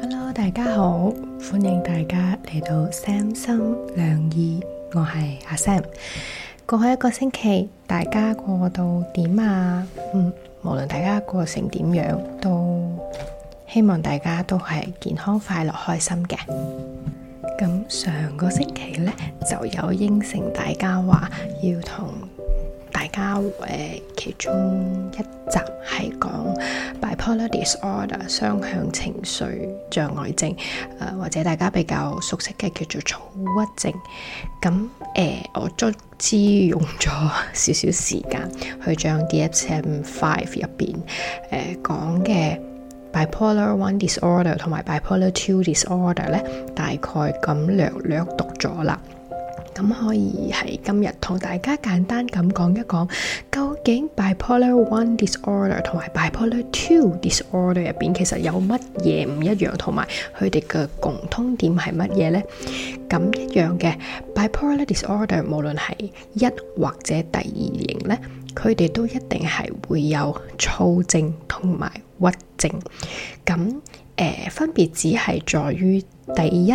Hello，大家好，歡迎大家嚟到三心兩意，我係阿 Sam。過去一個星期，大家過到點啊？嗯，無論大家過成點樣，都希望大家都係健康、快樂、開心嘅。咁上個星期呢，就有應承大家話要同大家誒、呃、其中一集係講 bipolar disorder 雙相情緒障礙症，呃，或者大家比較熟悉嘅叫做躁鬱症。咁誒、呃，我足之用咗少少時間去將 DSM Five 入邊誒講嘅 bipolar one disorder 同埋 bipolar two disorder 咧，大概咁略略讀咗啦。咁可以係今日同大家簡單咁講一講，究竟 bipolar one disorder 同埋 bipolar two disorder 入邊其實有乜嘢唔一樣，同埋佢哋嘅共通點係乜嘢呢？咁一樣嘅 bipolar disorder 無論係一或者第二型咧，佢哋都一定係會有躁症同埋鬱症。咁誒、呃、分別只係在於第一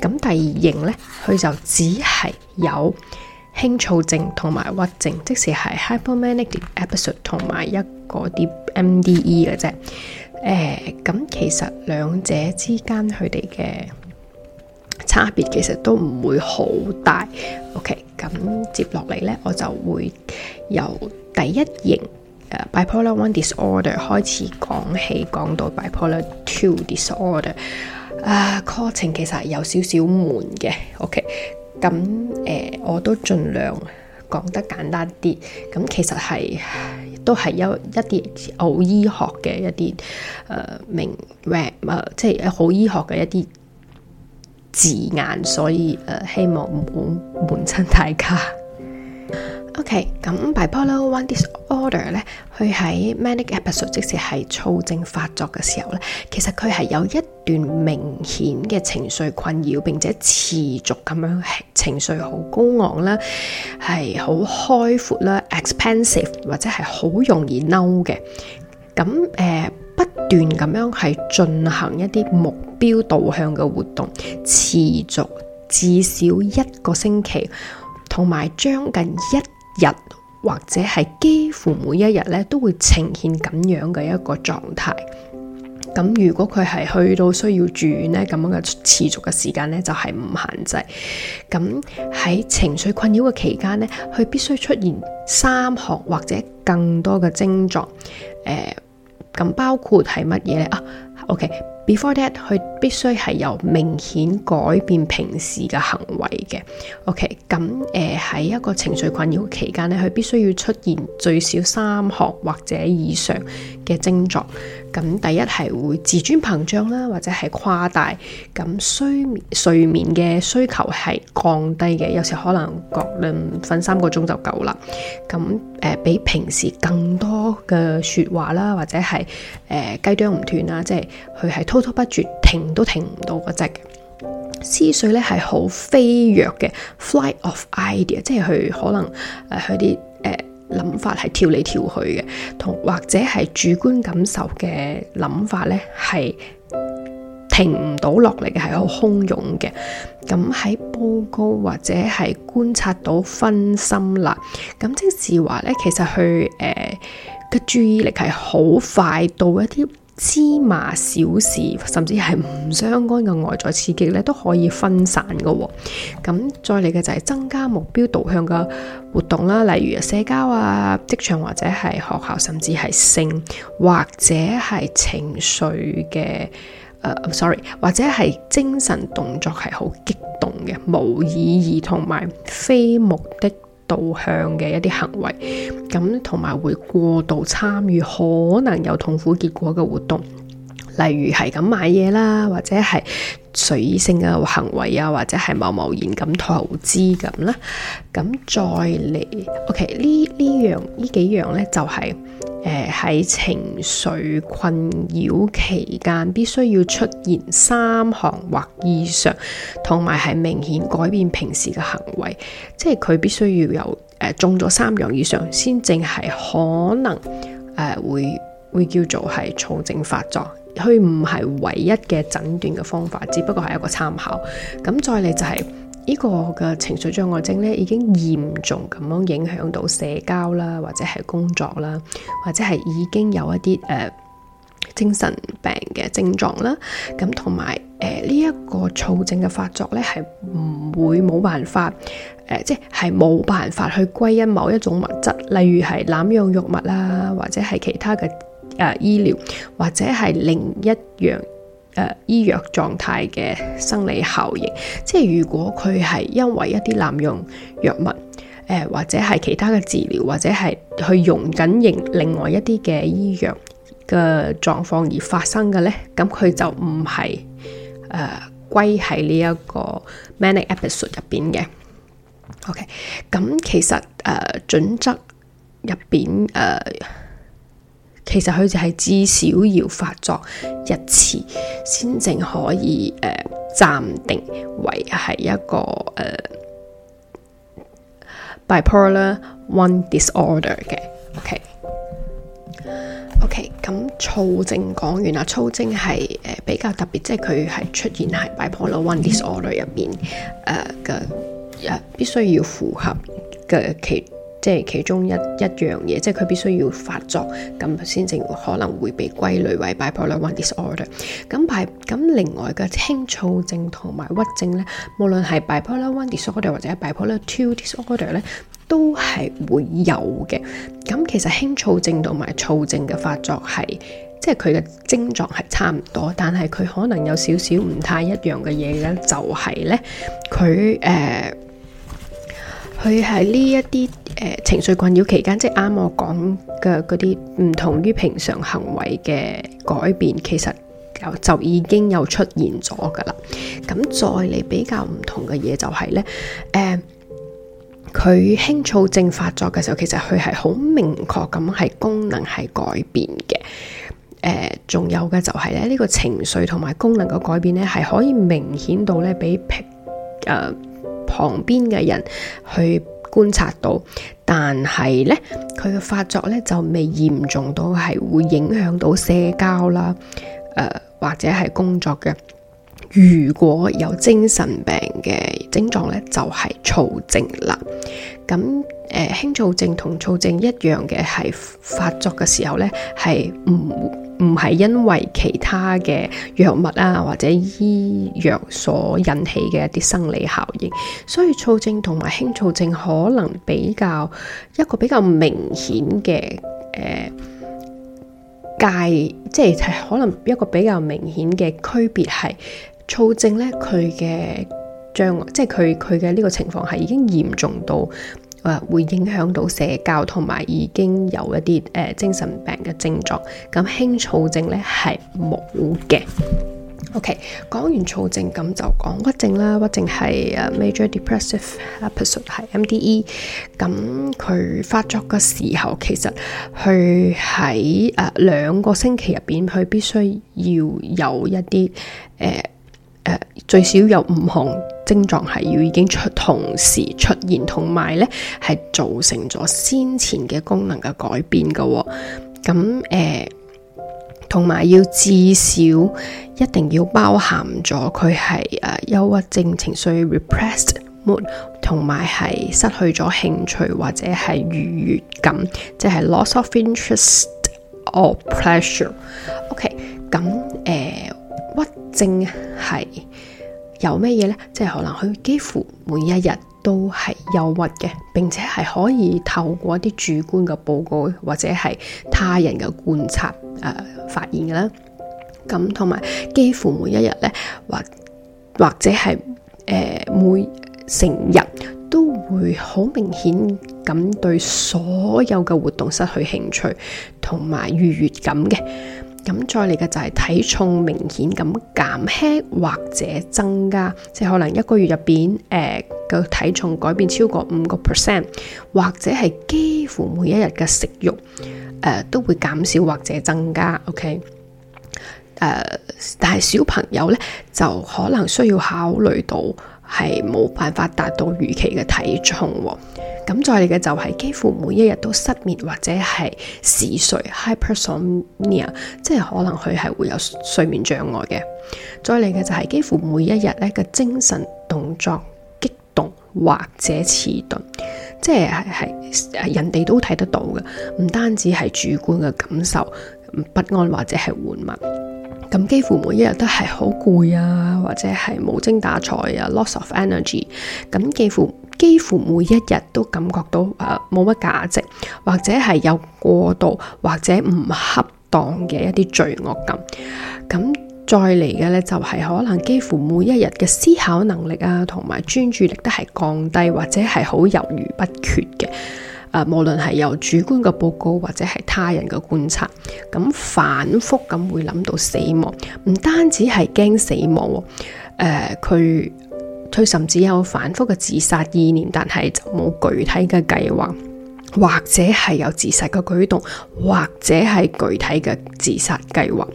咁第二型咧，佢就只係有輕躁症同埋鬱症，即使係 hypomanic episode 同埋一啲 MDE 嘅啫。誒、呃，咁其實兩者之間佢哋嘅差別其實都唔會好大。OK，咁接落嚟咧，我就會由第一型誒、uh, bipolar one disorder 開始講起，講到 bipolar two disorder。啊，課、uh, 程其實有少少悶嘅，OK，咁誒、呃，我都盡量講得簡單啲。咁其實係都係有一啲好醫學嘅一啲誒名名誒，即係好醫學嘅一啲字眼，所以誒、呃、希望唔好悶親大家。O.K. 咁 bipolar one disorder 咧，佢喺 manic episode，即係躁症發作嘅時候咧，其實佢係有一段明顯嘅情緒困擾，並且持續咁樣情緒好高昂啦，係好開闊啦，expansive 或者係好容易嬲嘅。咁誒、呃、不斷咁樣係進行一啲目標導向嘅活動，持續至少一個星期，同埋將近一。日或者係幾乎每一日咧都會呈現咁樣嘅一個狀態。咁如果佢係去到需要住院咧，咁樣嘅持續嘅時間咧，就係、是、唔限制。咁喺情緒困擾嘅期間咧，佢必須出現三項或者更多嘅症狀。誒、呃，咁包括係乜嘢咧？啊，OK。Before that，佢必須係有明顯改變平時嘅行為嘅。OK，咁誒喺一個情緒困擾期間咧，佢必須要出現最少三項或者以上嘅症狀。咁第一係會自尊膨脹啦，或者係誇大。咁睡眠睡眠，嘅需求係降低嘅，有時可能覺能瞓三個鐘就夠啦。咁誒、呃、比平時更多嘅說話啦，或者係誒雞啄唔斷啊，即係佢係通。滔滔不絕，停都停唔到嗰隻嘅思緒咧，係好飛躍嘅，fly of idea，即係佢可能誒佢啲誒諗法係跳嚟跳去嘅，同或者係主觀感受嘅諗法咧係停唔到落嚟嘅，係好洶湧嘅。咁喺報告或者係觀察到分心啦。咁即係話咧，其實佢誒嘅注意力係好快到一啲。芝麻小事，甚至係唔相干嘅外在刺激咧，都可以分散嘅。咁再嚟嘅就係增加目標導向嘅活動啦，例如啊社交啊、職場或者係學校，甚至係性或者係情緒嘅。誒、呃，sorry，或者係精神動作係好激動嘅無意義同埋非目的導向嘅一啲行為，咁同埋會過度參與可能有痛苦結果嘅活動。例如係咁買嘢啦，或者係隨意性嘅行為啊，或者係貿貿然咁投資咁啦。咁再嚟，OK 呢呢樣呢幾樣呢，就係誒喺情緒困擾期間必須要出現三項或以上，同埋係明顯改變平時嘅行為，即係佢必須要有誒、呃、中咗三樣以上，先正係可能誒、呃、會會叫做係躁症發作。佢唔係唯一嘅診斷嘅方法，只不過係一個參考。咁再嚟就係、是這個、呢個嘅情緒障礙症咧，已經嚴重咁樣影響到社交啦，或者係工作啦，或者係已經有一啲誒、呃、精神病嘅症狀啦。咁同埋誒呢一個躁症嘅發作咧，係唔會冇辦法誒、呃，即係冇辦法去歸因某一種物質，例如係濫用藥物啦，或者係其他嘅。誒、呃、醫療或者係另一樣誒、呃、醫藥狀態嘅生理效應，即係如果佢係因為一啲濫用藥物，誒、呃、或者係其他嘅治療，或者係去用緊另另外一啲嘅醫藥嘅狀況而發生嘅咧，咁佢就唔係誒歸喺呢一個 manic episode 入邊嘅。OK，咁、嗯、其實誒、呃、準則入邊誒。呃其實佢就係至少要發作一次，先正可以誒、呃、暫定為係一個誒、呃、bipolar one disorder 嘅。OK，OK，咁躁症講完啦。躁症係誒比較特別，即係佢係出現喺 bipolar one disorder 入邊誒嘅、呃啊、必須要符合嘅其。即係其中一一樣嘢，即係佢必須要發作咁先至可能會被歸類為 bipolar one disorder。咁排咁另外嘅輕躁症同埋鬱症咧，無論係 bipolar one disorder 或者 bipolar two disorder 咧，都係會有嘅。咁其實輕躁症同埋躁症嘅發作係，即係佢嘅症狀係差唔多，但係佢可能有少少唔太一樣嘅嘢咧，就係咧佢誒。佢喺呢一啲誒情緒困擾期間，即係啱我講嘅嗰啲唔同於平常行為嘅改變，其實就已經有出現咗噶啦。咁再嚟比較唔同嘅嘢就係、是、咧，誒佢輕躁症發作嘅時候，其實佢係好明確咁係功能係改變嘅。誒、呃，仲有嘅就係、是、咧，呢、這個情緒同埋功能嘅改變咧，係可以明顯到咧比平誒。呃旁邊嘅人去觀察到，但係咧佢嘅發作咧就未嚴重到係會影響到社交啦，誒、呃、或者係工作嘅。如果有精神病嘅症狀咧，就係、是、躁症啦。咁誒輕躁症同躁症一樣嘅係發作嘅時候咧係唔。唔係因為其他嘅藥物啊，或者醫藥所引起嘅一啲生理效應，所以躁症同埋輕躁症可能比較一個比較明顯嘅誒界，即係可能一個比較明顯嘅區別係躁症呢，佢嘅障礙，即係佢佢嘅呢個情況係已經嚴重到。誒會影響到社交同埋已經有一啲誒、呃、精神病嘅症狀，咁輕躁症咧係冇嘅。OK，講完躁症，咁就講鬱症啦，鬱症係 major depressive episode 係 MDE，咁佢發作嘅時候，其實佢喺誒兩個星期入邊，佢必須要有一啲誒誒最少有五項。症狀係要已經出同時出現，同埋咧係造成咗先前嘅功能嘅改變嘅、哦。咁誒，同、呃、埋要至少一定要包含咗佢係誒憂鬱症情緒 repressed mood，同埋係失去咗興趣或者係愉悅感，即、就、係、是、loss of interest or pleasure okay。OK，咁誒鬱症係。有咩嘢呢？即係可能佢幾乎每一日都係憂鬱嘅，並且係可以透過一啲主觀嘅報告或者係他人嘅觀察誒、呃、發現嘅啦。咁同埋幾乎每一日呢，或或者係誒、呃、每成日都會好明顯咁對所有嘅活動失去興趣同埋愉悅感嘅。咁再嚟嘅就係體重明顯咁減輕或者增加，即係可能一個月入邊誒個體重改變超過五個 percent，或者係幾乎每一日嘅食慾誒、呃、都會減少或者增加，OK？誒、呃，但係小朋友咧就可能需要考慮到，係冇辦法達到預期嘅體重，哦，咁再嚟嘅就係、是、幾乎每一日都失眠或者係嗜睡 （hypersomnia），即係可能佢係會有睡眠障礙嘅。再嚟嘅就係、是、幾乎每一日咧嘅精神動作激動或者遲鈍，即係係人哋都睇得到嘅，唔單止係主觀嘅感受不安或者係緩慢。咁幾乎每一日都係好攰啊，或者係無精打采啊，loss of energy。咁幾乎幾乎每一日都感覺到誒冇乜價值，或者係有過度或者唔恰當嘅一啲罪惡感。咁再嚟嘅呢，就係可能幾乎每一日嘅思考能力啊，同埋專注力都係降低，或者係好猶豫不決嘅。誒、呃，無論係由主觀嘅報告或者係他人嘅觀察，咁反覆咁會諗到死亡，唔單止係驚死亡，誒、呃，佢佢甚至有反覆嘅自殺意念，但係就冇具體嘅計劃。或者係有自殺嘅舉動，或者係具體嘅自殺計劃。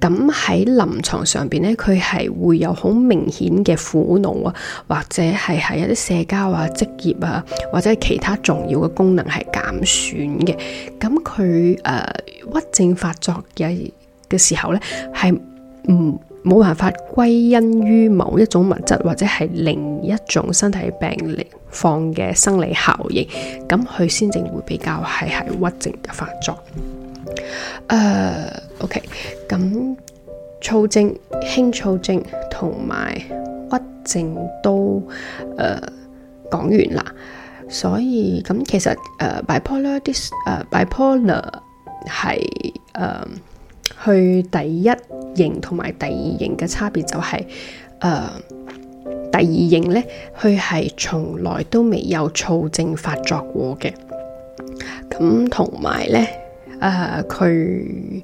咁喺臨床上邊咧，佢係會有好明顯嘅苦惱啊，或者係喺一啲社交啊、職業啊，或者係其他重要嘅功能係減損嘅。咁佢誒鬱症發作嘅嘅時候咧，係唔。嗯冇辦法歸因於某一種物質或者係另一種身體病況嘅生理效應，咁佢先至會比較係係鬱症嘅發作。誒、uh，OK，咁躁症、輕躁症同埋鬱症都誒、uh, 講完啦。所以咁其實誒、uh, bipolar dis 誒、uh, bipolar 係誒。去第一型同埋第二型嘅差別就係、是，誒、呃、第二型咧，佢係從來都未有躁症發作過嘅，咁同埋咧，誒佢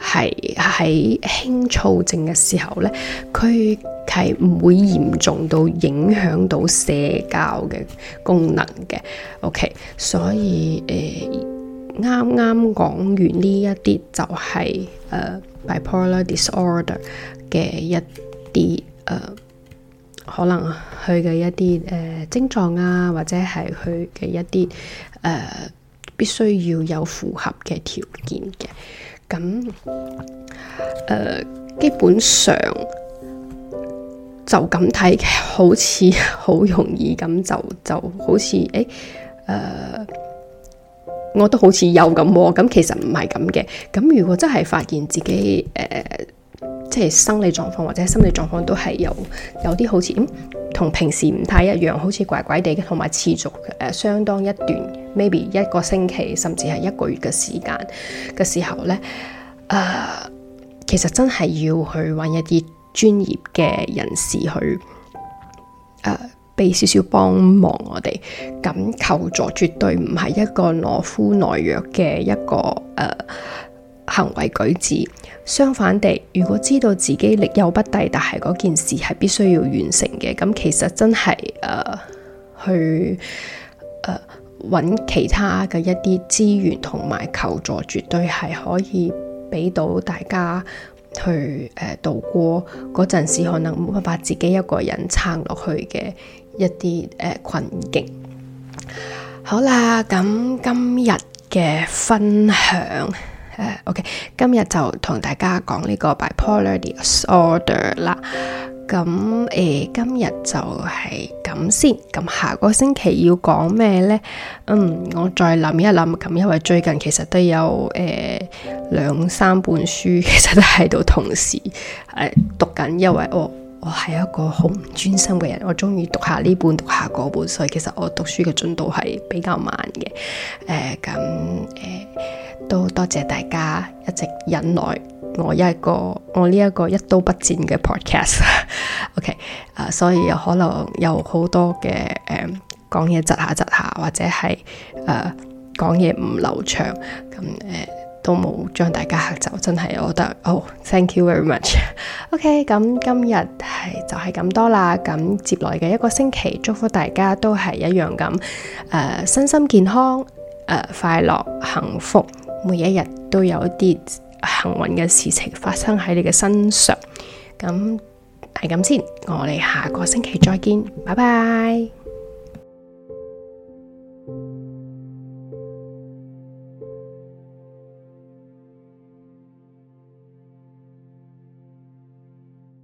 係喺輕躁症嘅時候咧，佢係唔會嚴重到影響到社交嘅功能嘅。OK，所以誒。呃啱啱講完呢，就係呃、一啲就係誒 Bipolar Disorder 嘅一啲誒可能佢嘅一啲誒、呃、症狀啊，或者係佢嘅一啲誒、呃、必須要有符合嘅條件嘅，咁誒、呃、基本上就咁睇，好似好容易咁就就好似誒誒。欸呃我都好似有咁喎、啊，咁其實唔係咁嘅。咁如果真係發現自己誒，即、呃、係、就是、生理狀況或者心理狀況都係有有啲好似，同平時唔太一樣，好似怪怪地嘅，同埋持續誒、呃、相當一段，maybe 一個星期甚至係一個月嘅時間嘅時候呢，誒、呃，其實真係要去揾一啲專業嘅人士去誒。呃俾少少幫忙我哋，咁求助絕對唔係一個懦夫懦弱嘅一個誒、呃、行為舉止。相反地，如果知道自己力有不逮，但係嗰件事係必須要完成嘅，咁其實真係誒、呃、去誒揾、呃、其他嘅一啲資源同埋求助，絕對係可以俾到大家，去誒度過嗰陣時，可能冇辦法自己一個人撐落去嘅一啲誒困境。好啦，咁今日嘅分享，呃，OK，今日就同大家講呢個 Bipolar Disorder 啦。咁誒，今日就係咁先。咁下個星期要講咩呢？嗯，我再諗一諗。咁因為最近其實都有誒兩、呃、三本書，其實都喺度同時誒、呃、讀緊。因為我我係一個好唔專心嘅人，我中意讀下呢本，讀下嗰本，所以其實我讀書嘅進度係比較慢嘅。誒、呃，咁誒、呃、都多謝大家一直忍耐。我一個我呢一個一刀不剪嘅 podcast，OK， okay, 啊、呃，所以有可能有好多嘅誒、呃、講嘢窒下窒下，或者係誒、呃、講嘢唔流暢，咁、嗯、誒、呃、都冇將大家嚇走，真係我覺得哦、oh，thank you very much，OK， okay, 咁、嗯、今日係就係咁多啦，咁、嗯、接來嘅一個星期，祝福大家都係一樣咁誒、呃，身心健康，誒、呃、快樂幸福，每一日都有一啲。幸運嘅事情發生喺你嘅身上，咁係咁先，我哋下個星期再見，拜拜。